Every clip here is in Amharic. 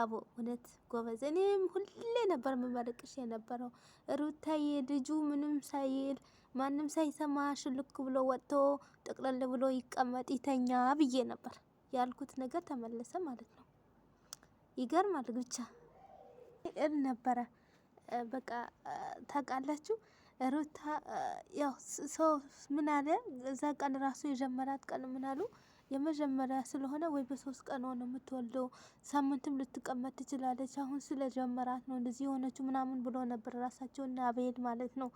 ብራቮ እውነት ጎበዝ። እኔም ሁሌ ነበር መመረቅሽ የነበረው ሩታዬ። ልጁ ምንም ሳይል ማንም ሳይሰማ ሽልክ ብሎ ወጥቶ ጠቅለል ብሎ ይቀመጥ ይተኛ ብዬ ነበር ያልኩት ነገር ተመለሰ ማለት ነው። ይገርማል ብቻ ነበረ በቃ ታውቃላችሁ። ሩታ ያው ሰው ምን አለ እዛ ቀን ራሱ የጀመራት ቀን ምን አሉ የመጀመሪያ ስለሆነ ወይ በሶስት ቀን ሆነ የምትወልደው፣ ሳምንትም ልትቀመጥ ትችላለች። አሁን ስለጀመራት ነው እንደዚህ የሆነችው ምናምን ብሎ ነበር ራሳቸው አበሄድ ማለት ነው።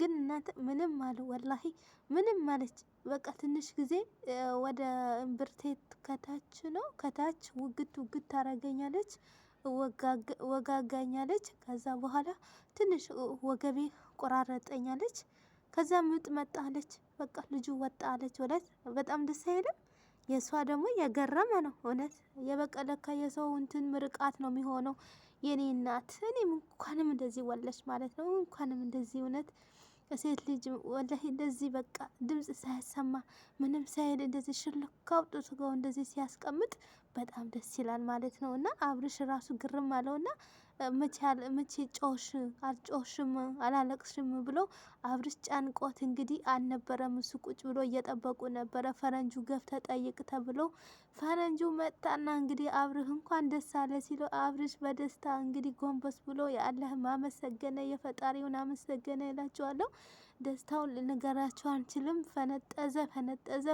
ግን እናንተ ምንም አለ ወላሂ ምንም ማለች። በቃ ትንሽ ጊዜ ወደ እምብርቴት ከታች ነው ከታች ውግት ውግት ታረገኛለች፣ ወጋጋኛለች። ከዛ በኋላ ትንሽ ወገቤ ቆራረጠኛለች። ከዛ ምጥ መጣለች። በቃ ልጁ ወጣለች። አለች። እውነት በጣም ደስ አይልም? የእሷ ደግሞ የገረመ ነው እውነት። የበቀለካ የሰው እንትን ምርቃት ነው የሚሆነው። የኔ እናት እኔም እንኳንም እንደዚህ ወለች ማለት ነው። እንኳንም እንደዚህ እውነት ሴት ልጅ ወላሂ እንደዚህ በቃ ድምጽ ሳያሰማ ምንም ሳይል እንደዚህ ሽልክ አውጥቶ እንደዚህ ሲያስቀምጥ በጣም ደስ ይላል ማለት ነው። እና አብርሽ ራሱ ግርም አለው እና መቼ ጮሽ አልጮሽም አላለቅሽም ብሎ አብርሽ ጨንቆት እንግዲህ አልነበረም። እሱ ቁጭ ብሎ እየጠበቁ ነበረ። ፈረንጁ ገብተ ጠይቅ ተብሎ ፈረንጁ መጣና እንግዲህ አብርህ እንኳን ደስ አለ ሲለው አብርሽ በደስታ እንግዲህ ጎንበስ ብሎ የአላህም ማመሰገነ የፈጣሪውን አመሰገነ ይላቸዋለሁ። ደስታውን ልነገራቸው አንችልም። ፈነጠዘ ፈነጠዘ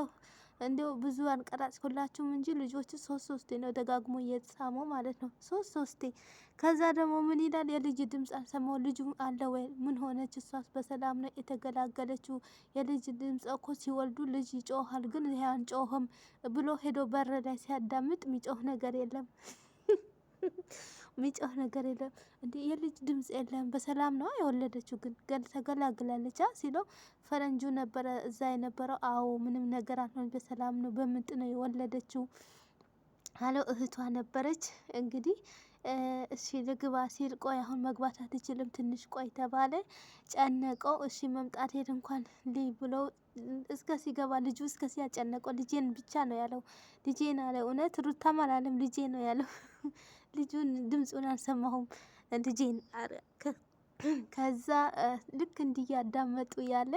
እንዲው ብዙ አንቀራጭኩላችሁም እንጂ ልጆቹ ሶስት ሶስቴ ነው ደጋግሞ እየተሳሙ ማለት ነው። ሶስት ሶስቴ። ከዛ ደግሞ ምን ይላል? የልጅ ድምፅ አልሰማው። ልጁ አለ ወይ? ምን ሆነች? እሷስ በሰላም ነው የተገላገለችው? የልጅ ድምፅ እኮ ሲወልዱ ልጅ ይጮሃል፣ ግን ይሄ አንጮህም ብሎ ሄዶ በር ላይ ሲያዳምጥ የሚጮህ ነገር የለም። የሚጮህ ነገር የለም። እንዲ የልጅ ድምጽ የለም። በሰላም ነው የወለደችው፣ ግን ተገላግላለች ሲለው ፈረንጁ ነበረ እዛ የነበረው። አዎ ምንም ነገር አልሆን፣ በሰላም ነው በምጥ ነው የወለደችው አለው። እህቷ ነበረች እንግዲህ እሺ ልግባ ሲል ቆይ አሁን መግባት አትችልም ትንሽ ቆይ ተባለ። ጨነቀው። እሺ ሄድ እንኳን ልይ ብሎ እስከ ሲገባ ልጁ እስከ ሲያጨነቀው ልጄን ብቻ ነው ያለው። ልጄን አለ። እውነት ሩታም አላለም ልጄ ነው ያለው። ልጁን ድምፁን አልሰማሁም ልጄን ከዛ ልክ እንዲያዳመጡ ያለ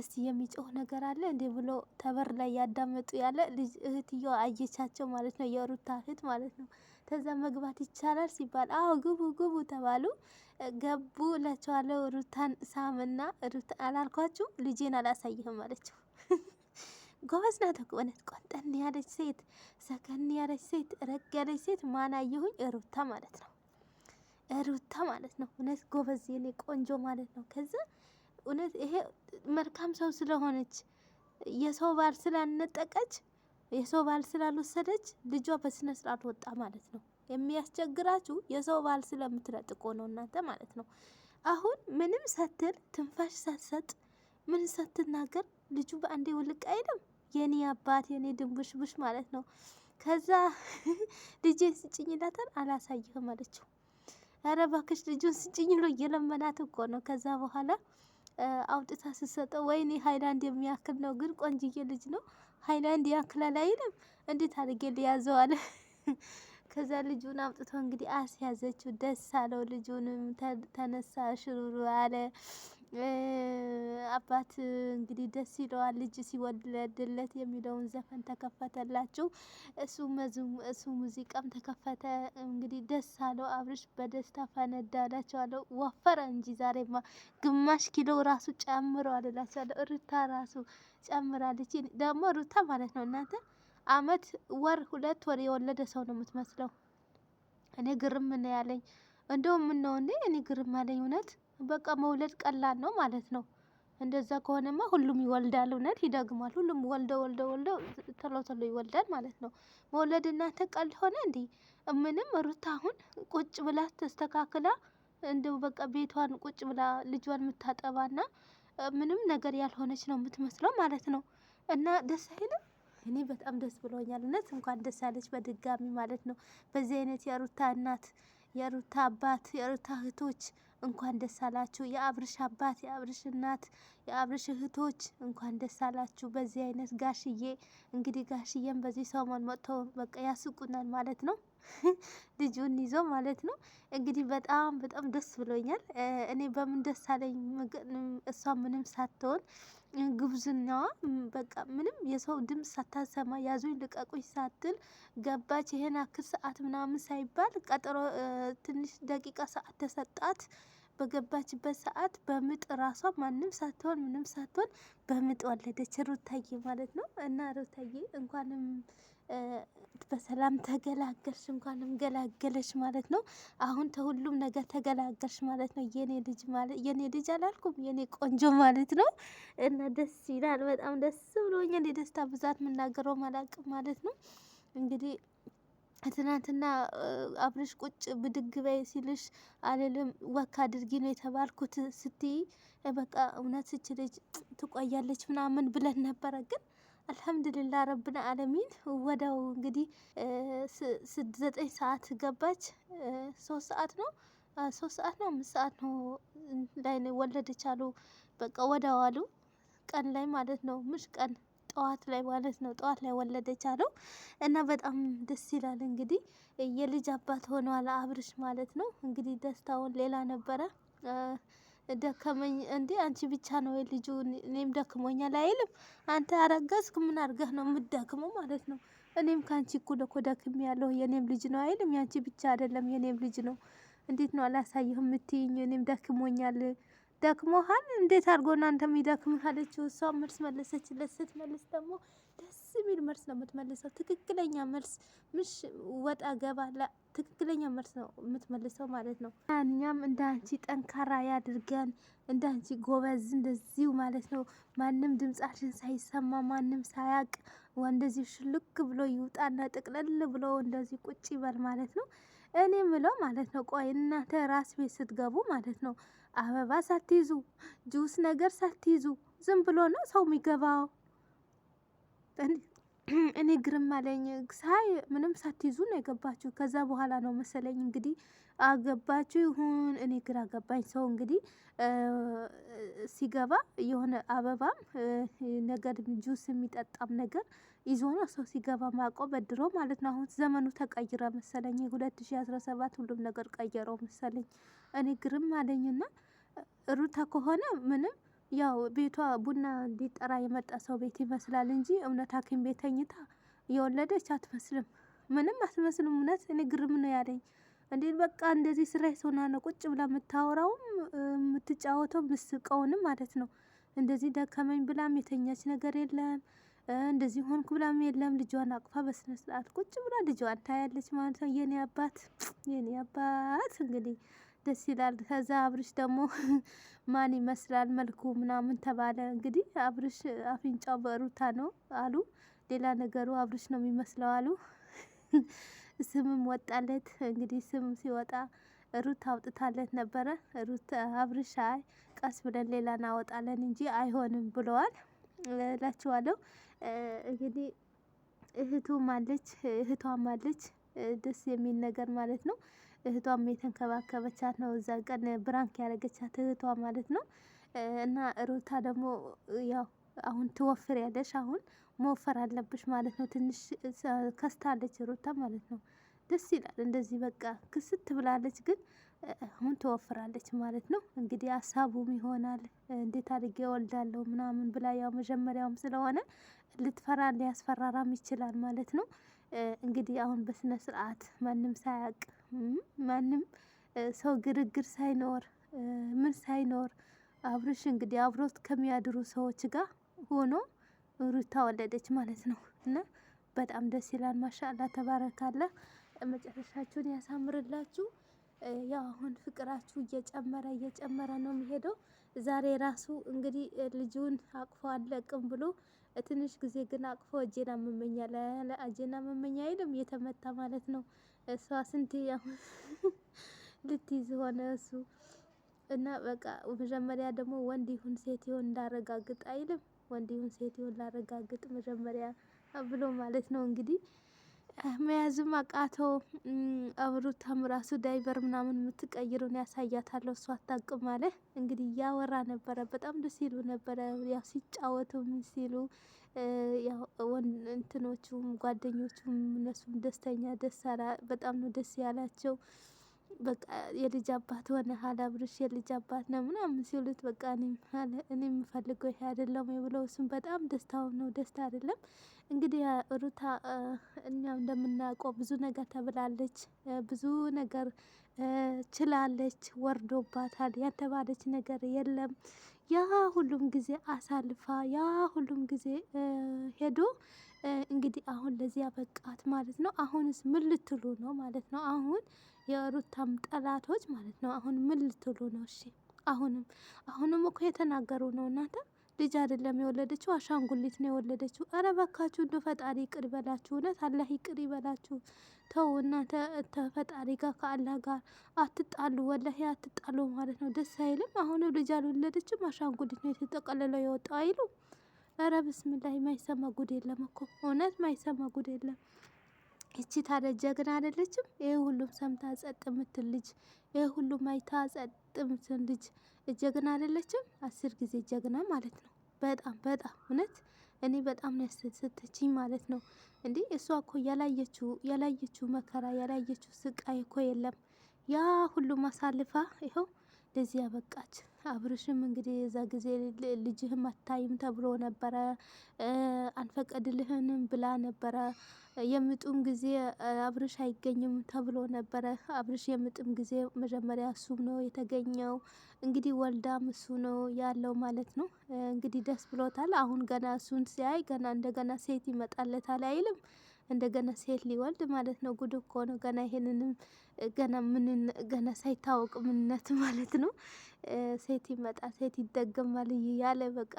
እስቲ የሚጮህ ነገር አለ እንዴ ብሎ ተበር ላይ ያዳመጡ ያለ እህትየዋ አየቻቸው ማለት ነው። የሩታ እህት ማለት ነው። ከዛ መግባት ይቻላል ሲባል አዎ ግቡ ግቡ ተባሉ። ገቡ ላቸዋለው ሩታን ሳምና ሩት አላልኳችሁ ልጄን አላሳይህም አለችው። ጎበዝ ናት እኮ እውነት። ቆንጠን ያለች ሴት፣ ሰከን ያለች ሴት፣ ረግ ያለች ሴት ማን አየሁኝ? ሩታ ማለት ነው። ሩታ ማለት ነው። እውነት ጎበዝ የኔ ቆንጆ ማለት ነው። ከዛ እውነት ይሄ መልካም ሰው ስለሆነች የሰው ባል ስላልነጠቀች የሰው ባል ስላልወሰደች ልጇ በስነ ስርዓት ወጣ ማለት ነው። የሚያስቸግራችሁ የሰው ባል ስለምትነጥቆ ነው እናንተ ማለት ነው። አሁን ምንም ሳትል ትንፋሽ ሳትሰጥ ምን ሳትናገር ልጁ በአንዴ ውልቅ አይልም። የኔ አባት የኔ ድንቡሽቡሽ ማለት ነው። ከዛ ልጄን ስጭኝ ይላታል። አላሳይህም አለችው። ኧረ እባክሽ ልጁን ስጭኝ ብሎ እየለመናት እኮ ነው። ከዛ በኋላ አውጥታ ስትሰጠው ወይኔ ሀይላንድ የሚያክል ነው፣ ግን ቆንጅዬ ልጅ ነው ሀይላንድ ያክላል አይልም። እንዴት አድርጌ ሊያዘው ከዛ ልጁን አምጥቶ እንግዲህ አስያዘችው። ደስ አለው። ልጁንም ተነሳ፣ ሽሩሩ አለ። አባት እንግዲህ ደስ ይለዋል ልጅ ሲወለድለት የሚለውን ዘፈን ተከፈተላቸው። እሱ እሱ ሙዚቃም ተከፈተ። እንግዲህ ደስ አለው አብርሽ በደስታ ፈነዳ እላቸዋለሁ። ወፈረ እንጂ ዛሬማ ግማሽ ኪሎ ራሱ ጨምረዋል እላቸዋለሁ። ሩታ ራሱ ጨምራለች ደግሞ ሩታ ማለት ነው እናንተ አመት ወር ሁለት ወር የወለደ ሰው ነው የምትመስለው። እኔ ግርም ነው ያለኝ። እንደውም ምን ነው እኔ ግርም አለኝ እውነት በቃ መውለድ ቀላል ነው ማለት ነው። እንደዛ ከሆነማ ሁሉም ይወልዳል። እውነት ይደግማል። ሁሉም ወልደው ወልደው ወልደው ቶሎ ቶሎ ይወልዳል ማለት ነው። መውለድ እናንተ ቀልድ ሆነ እንዴ? ምንም ሩታ አሁን ቁጭ ብላ ተስተካክላ እንደው በቃ ቤቷን ቁጭ ብላ ልጇን የምታጠባና ምንም ነገር ያልሆነች ነው የምትመስለው ማለት ነው። እና ደስ አይልም? እኔ በጣም ደስ ብሎኛል። እውነት እንኳን ደስ አለች በድጋሚ ማለት ነው። በዚህ አይነት የሩታ እናት፣ የሩታ አባት፣ የሩታ እህቶች እንኳን ደስ አላችሁ። የአብርሽ አባት፣ የአብርሽ እናት፣ የአብርሽ እህቶች እንኳን ደስ አላችሁ። በዚህ አይነት ጋሽዬ እንግዲህ ጋሽዬም በዚህ ሰሞን መጥተው በቃ ያስቁናል ማለት ነው። ልጁን ይዞ ማለት ነው። እንግዲህ በጣም በጣም ደስ ብሎኛል። እኔ በምን ደስ አለኝ፣ እሷ ምንም ሳትሆን ግብዝናዋ በቃ ምንም የሰው ድምፅ ሳታሰማ ያዙኝ ልቀቁኝ ሳትል ገባች። ይሄን አክል ሰዓት ምናምን ሳይባል ቀጠሮ ትንሽ ደቂቃ ሰዓት ተሰጣት። በገባችበት ሰዓት በምጥ ራሷ ማንም ሳትሆን ምንም ሳትሆን በምጥ ወለደች ሩታዬ ማለት ነው። እና ሩታዬ እንኳንም በሰላም ተገላገልሽ፣ እንኳንም ገላገለሽ ማለት ነው። አሁን ተሁሉም ነገር ተገላገልሽ ማለት ነው። የኔ ልጅ ማለት የኔ ልጅ አላልኩም፣ የኔ ቆንጆ ማለት ነው። እና ደስ ይላል፣ በጣም ደስ ብሎኛል። የደስታ ብዛት የምናገረው አላቅ ማለት ነው። እንግዲህ ትናንትና አብርሽ ቁጭ ብድግ በይ ሲልሽ አልልም ወክ አድርጊ ነው የተባልኩት ስትይ፣ በቃ እውነት ስች ልጅ ትቆያለች ምናምን ብለን ነበረ ግን አልሐምዱሊላ ረብን አለሚን ወዳው እንግዲህ ዘጠኝ ሰዓት ገባች። ሶስት ሰዓት ነው ሶስት ሰዓት ነው አምስት ሰዓት ነው ላይ ወለደች አሉ። በቃ ወዳው አሉ ቀን ላይ ማለት ነው ምሽ ቀን ጠዋት ላይ ማለት ነው ጠዋት ላይ ወለደች አለው እና በጣም ደስ ይላል እንግዲህ የልጅ አባት ሆኗል አብርሽ ማለት ነው። እንግዲህ ደስታውን ሌላ ነበረ። ደከመኝ እንዴ አንቺ ብቻ ነው ወይ ልጁ እኔም ደክሞኛል አይልም። አንተ አረገዝክ ምን አርገህ ነው የምትደክመው ማለት ነው። እኔም ከአንቺ እኩል እኮ ደክሜ ያለሁ የእኔም ልጅ ነው አይልም። የአንቺ ብቻ አይደለም የእኔም ልጅ ነው። እንዴት ነው አላሳየህም የምትይኝ? እኔም ደክሞኛል። ደክሞሃል እንዴት አድርጎ ነው አንተ አለችው። እሷ መልስ መለሰችለት። ስትመልስ ደግሞ የሚል መልስ ነው የምትመልሰው። ትክክለኛ መልስ ምሽ ወጣ ገባ ትክክለኛ መልስ ነው የምትመልሰው ማለት ነው። እኛም እንደ አንቺ ጠንካራ ያድርገን፣ እንደ አንቺ ጎበዝ እንደዚሁ ማለት ነው። ማንም ድምጻችን ሳይሰማ ማንም ሳያቅ እንደዚህ ሽልክ ብሎ ይውጣና ጥቅልል ብሎ እንደዚህ ቁጭ ይበል ማለት ነው። እኔ ምለው ማለት ነው፣ ቆይ እናንተ ራስ ቤት ስትገቡ ማለት ነው አበባ ሳትይዙ ጁስ ነገር ሳትይዙ ዝም ብሎ ነው ሰው የሚገባው? እኔ ግርም አለኝ ሳይ ምንም ሳትይዙ ነው የገባችሁ። ከዛ በኋላ ነው መሰለኝ እንግዲህ አገባችሁ ይሁን እኔ ግራ ገባኝ። ሰው እንግዲህ ሲገባ የሆነ አበባም ነገር ጁስ የሚጠጣም ነገር ይዞ ነው ሰው ሲገባ ማቆ በድሮ ማለት ነው። አሁን ዘመኑ ተቀይረ መሰለኝ ሁለት ሺ አስራ ሰባት ሁሉም ነገር ቀየረው መሰለኝ። እኔ ግርም አለኝና ሩታ ከሆነ ምንም ያው ቤቷ ቡና እንዲጠራ የመጣ ሰው ቤት ይመስላል እንጂ እውነት ሐኪም ቤት ተኝታ የወለደች አትመስልም። ምንም አትመስልም። እውነት እኔ ግርም ነው ያለኝ። እንዴት በቃ እንደዚህ ስራ የሰውና ነው ቁጭ ብላ የምታወራውም የምትጫወተው ምስቀውንም ማለት ነው። እንደዚህ ደከመኝ ብላም የተኛች ነገር የለም እንደዚህ ሆንኩ ብላም የለም። ልጇን አቅፋ በስነ ስርዓት ቁጭ ብላ ልጇን ታያለች ማለት ነው። የኔ አባት የኔ አባት እንግዲህ ደስ ይላል። ከዛ አብርሽ ደግሞ ማን ይመስላል መልኩ ምናምን ተባለ። እንግዲህ አብርሽ አፍንጫው በሩታ ነው አሉ። ሌላ ነገሩ አብርሽ ነው የሚመስለው አሉ። ስምም ወጣለት። እንግዲህ ስም ሲወጣ ሩት አውጥታለት ነበረ። ሩት አብርሽ አይ ቀስ ብለን ሌላ እናወጣለን እንጂ አይሆንም ብለዋል እላችኋለሁ። እንግዲህ እህቱ ማለች እህቷ ማለች ደስ የሚል ነገር ማለት ነው። እህቷም የተንከባከበቻት ነው። እዛ ቀን ብራንክ ያደረገቻት እህቷ ማለት ነው። እና ሩታ ደግሞ ያው አሁን ትወፍር ያለሽ አሁን መወፈር አለብሽ ማለት ነው። ትንሽ ከስታለች ሩታ ማለት ነው። ደስ ይላል እንደዚህ በቃ ክስት ብላለች፣ ግን አሁን ትወፍራለች ማለት ነው። እንግዲህ ሀሳቡም ይሆናል እንዴት አድርጌ ወልዳለሁ ምናምን ብላ ያው መጀመሪያውም ስለሆነ ልትፈራ ሊያስፈራራም ይችላል ማለት ነው። እንግዲህ አሁን በስነ ስርዓት ማንም ሳያቅ ማንም ሰው ግርግር ሳይኖር ምን ሳይኖር አብርሽ እንግዲህ አብሮት ከሚያድሩ ሰዎች ጋር ሆኖ ሩታ ወለደች ማለት ነው። እና በጣም ደስ ይላል። ማሻአላ ተባረካለ። መጨረሻችሁን ያሳምርላችሁ። ያው አሁን ፍቅራችሁ እየጨመረ እየጨመረ ነው የሚሄደው። ዛሬ ራሱ እንግዲህ ልጁን አቅፎ አለቅም ብሎ ትንሽ ጊዜ ግን አቅፎ እጄና መመኛ ለእጄና መመኛ አይልም የተመታ ማለት ነው። እሷ ስንት ልትይዝ ሆነ እሱ እና በቃ መጀመሪያ ደግሞ ወንድ ይሁን ሴት ይሁን እንዳረጋግጥ አይልም። ወንድ ይሁን ሴት ይሁን እንዳረጋግጥ መጀመሪያ ብሎ ማለት ነው እንግዲህ መያዝም አቃቶ አብሩታም ራሱ ዳይቨር ምናምን የምትቀይሩን ያሳያታለሁ እሷ አታውቅም አለ። እንግዲህ እያወራ ነበረ። በጣም ደስ ይሉ ነበረ። ያው ሲጫወቱም ሲሉ እንትኖቹም ጓደኞቹም እነሱም ደስተኛ ደስ አላ። በጣም ነው ደስ ያላቸው። በቃ የልጅ አባት ሆነ አብርሽ የልጅ አባት ነው ምናምን ሲሉት በቃ እኔ የምፈልገው ይሄ አይደለም ብለው እሱም በጣም ደስታውን ነው ደስታ አይደለም እንግዲህ ሩታ እኛም እንደምናውቀው ብዙ ነገር ተብላለች፣ ብዙ ነገር ችላለች፣ ወርዶባታል። ያልተባለች ነገር የለም። ያ ሁሉም ጊዜ አሳልፋ ያ ሁሉም ጊዜ ሄዶ እንግዲህ አሁን ለዚያ በቃት ማለት ነው። አሁንስ ምን ልትሉ ነው ማለት ነው? አሁን የሩታም ጠላቶች ማለት ነው። አሁን ምን ልትሉ ነው? እሺ አሁንም አሁንም እኮ የተናገሩ ነው እናንተ ልጅ አይደለም የወለደችው አሻንጉሊት ነው የወለደችው። አረ በካችሁ እንደ ፈጣሪ ይቅር ይበላችሁ። እውነት አላህ ይቅር ይበላችሁ። ተው እናንተ ተፈጣሪ ጋር ከአላህ ጋር አትጣሉ፣ ወላሂ አትጣሉ ማለት ነው። ደስ አይልም። አሁንም ልጅ አልወለደችም አሻንጉሊት ነው የተጠቀለለው የወጣው አይሉ ኧረ ብስምላይ የማይሰማ ጉድ የለም እኮ እውነት ማይሰማ ጉድ የለም። እቺ ታዲያ ጀግና አይደለችም? ይህ ሁሉም ሰምታ ጸጥ የምትል ልጅ፣ ይህ ሁሉም አይታ ጸጥ የምትል ልጅ ጀግና አይደለችም? አስር ጊዜ ጀግና ማለት ነው። በጣም በጣም እውነት እኔ በጣም ነው ያስደሰተችኝ ማለት ነው። እንዲህ እሷ እኮ ያላየችው ያላየችው መከራ ያላየችው ስቃይ እኮ የለም። ያ ሁሉም አሳልፋ ይኸው ለዚህ ያበቃች። አብርሽም እንግዲህ የዛ ጊዜ ልጅህም አታይም ተብሎ ነበረ፣ አንፈቀድልህንም ብላ ነበረ። የምጡም ጊዜ አብርሽ አይገኝም ተብሎ ነበረ። አብርሽ የምጥም ጊዜ መጀመሪያ እሱም ነው የተገኘው። እንግዲህ ወልዳም እሱ ነው ያለው ማለት ነው። እንግዲህ ደስ ብሎታል። አሁን ገና እሱን ሲያይ ገና እንደገና ሴት ይመጣለታል አይልም እንደገና ሴት ሊወልድ ማለት ነው። ጉድ እኮ ነው። ገና ይሄንንም ገና ምን ገና ሳይታወቅ ምንነት ማለት ነው። ሴት ይመጣ ሴት ይደገማል እያለ በቃ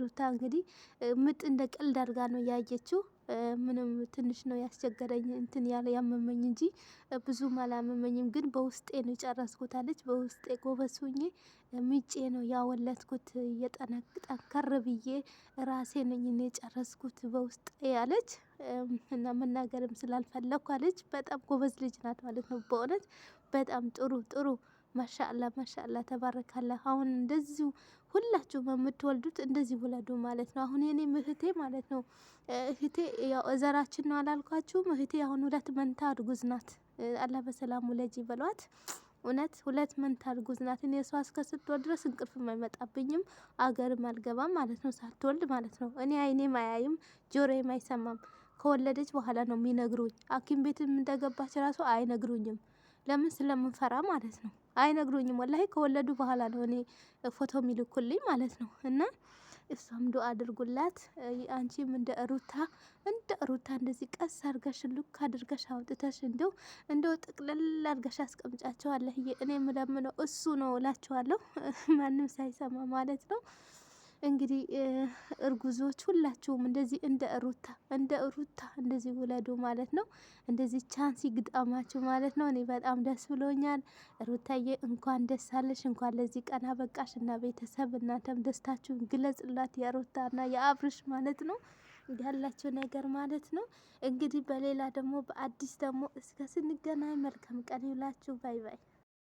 ሩታ እንግዲህ ምጥ እንደ ቀልድ አድርጋ ነው ያየችው። ምንም ትንሽ ነው ያስቸገረኝ እንትን ያለ ያመመኝ እንጂ ብዙም አላመመኝም፣ ግን በውስጤ ነው የጨረስኩት አለች። በውስጤ ጎበዝ ምጬ ነው ያወለድኩት፣ እየጠነቅ ጠንከር ብዬ ራሴ ነኝ እኔ የጨረስኩት በውስጤ አለች። እና መናገርም ስላልፈለኳ አለች። በጣም ጎበዝ ልጅ ናት ማለት ነው። በእውነት በጣም ጥሩ ጥሩ ማሻአላ ማሻአላ ተባረካላ። አሁን እንደዚሁ ሁላችሁም የምትወልዱት እንደዚህ ውለዱ ማለት ነው። አሁን የኔ እህቴ ማለት ነው እህቴ ያው እዘራችን ነው አላልኳችሁም? እህቴ አሁን ሁለት መንታ እርጉዝ ናት። አላህ በሰላም ውለጅ በሏት። እውነት ሁለት መንታ እርጉዝ ናት። እኔ እሷ እስከ ስትወልድ ድረስ እንቅልፍም አይመጣብኝም፣ አገርም አልገባም ማለት ነው። ሳትወልድ ማለት ነው እኔ አይኔም አያይም ጆሮዬም አይሰማም። ከወለደች በኋላ ነው የሚነግሩኝ። ሐኪም ቤት እንደገባች ራሱ አይነግሩኝም። ለምን ስለምንፈራ ማለት ነው። አይነግሩኝም። ወላሂ ከወለዱ በኋላ ነው እኔ ፎቶ የሚልኩልኝ ማለት ነው። እና እሷም ዱአ አድርጉላት። አንቺም እንደ ሩታ እንደ ሩታ እንደዚህ ቀስ አድርገሽ ልክ አድርገሽ አውጥተሽ እንደው እንደው ጥቅልል አድርገሽ አስቀምጫቸዋለህ። እኔ የምለምነው እሱ ነው እላቸዋለሁ፣ ማንም ሳይሰማ ማለት ነው። እንግዲህ እርጉዞች ሁላችሁም እንደዚህ እንደ ሩታ እንደ ሩታ እንደዚህ ውለዱ ማለት ነው። እንደዚህ ቻንስ ይግጠማችሁ ማለት ነው። እኔ በጣም ደስ ብሎኛል። ሩታዬ እንኳን ደስ አለሽ፣ እንኳን ለዚህ ቀን አበቃሽ እና ቤተሰብ እናንተም ደስታችሁን ግለጽላት እና የአብርሽ ማለት ነው ያላቸው ነገር ማለት ነው። እንግዲህ በሌላ ደግሞ በአዲስ ደግሞ እስከ ስንገናኝ መልካም ቀን ይውላችሁ። ባይ ባይ።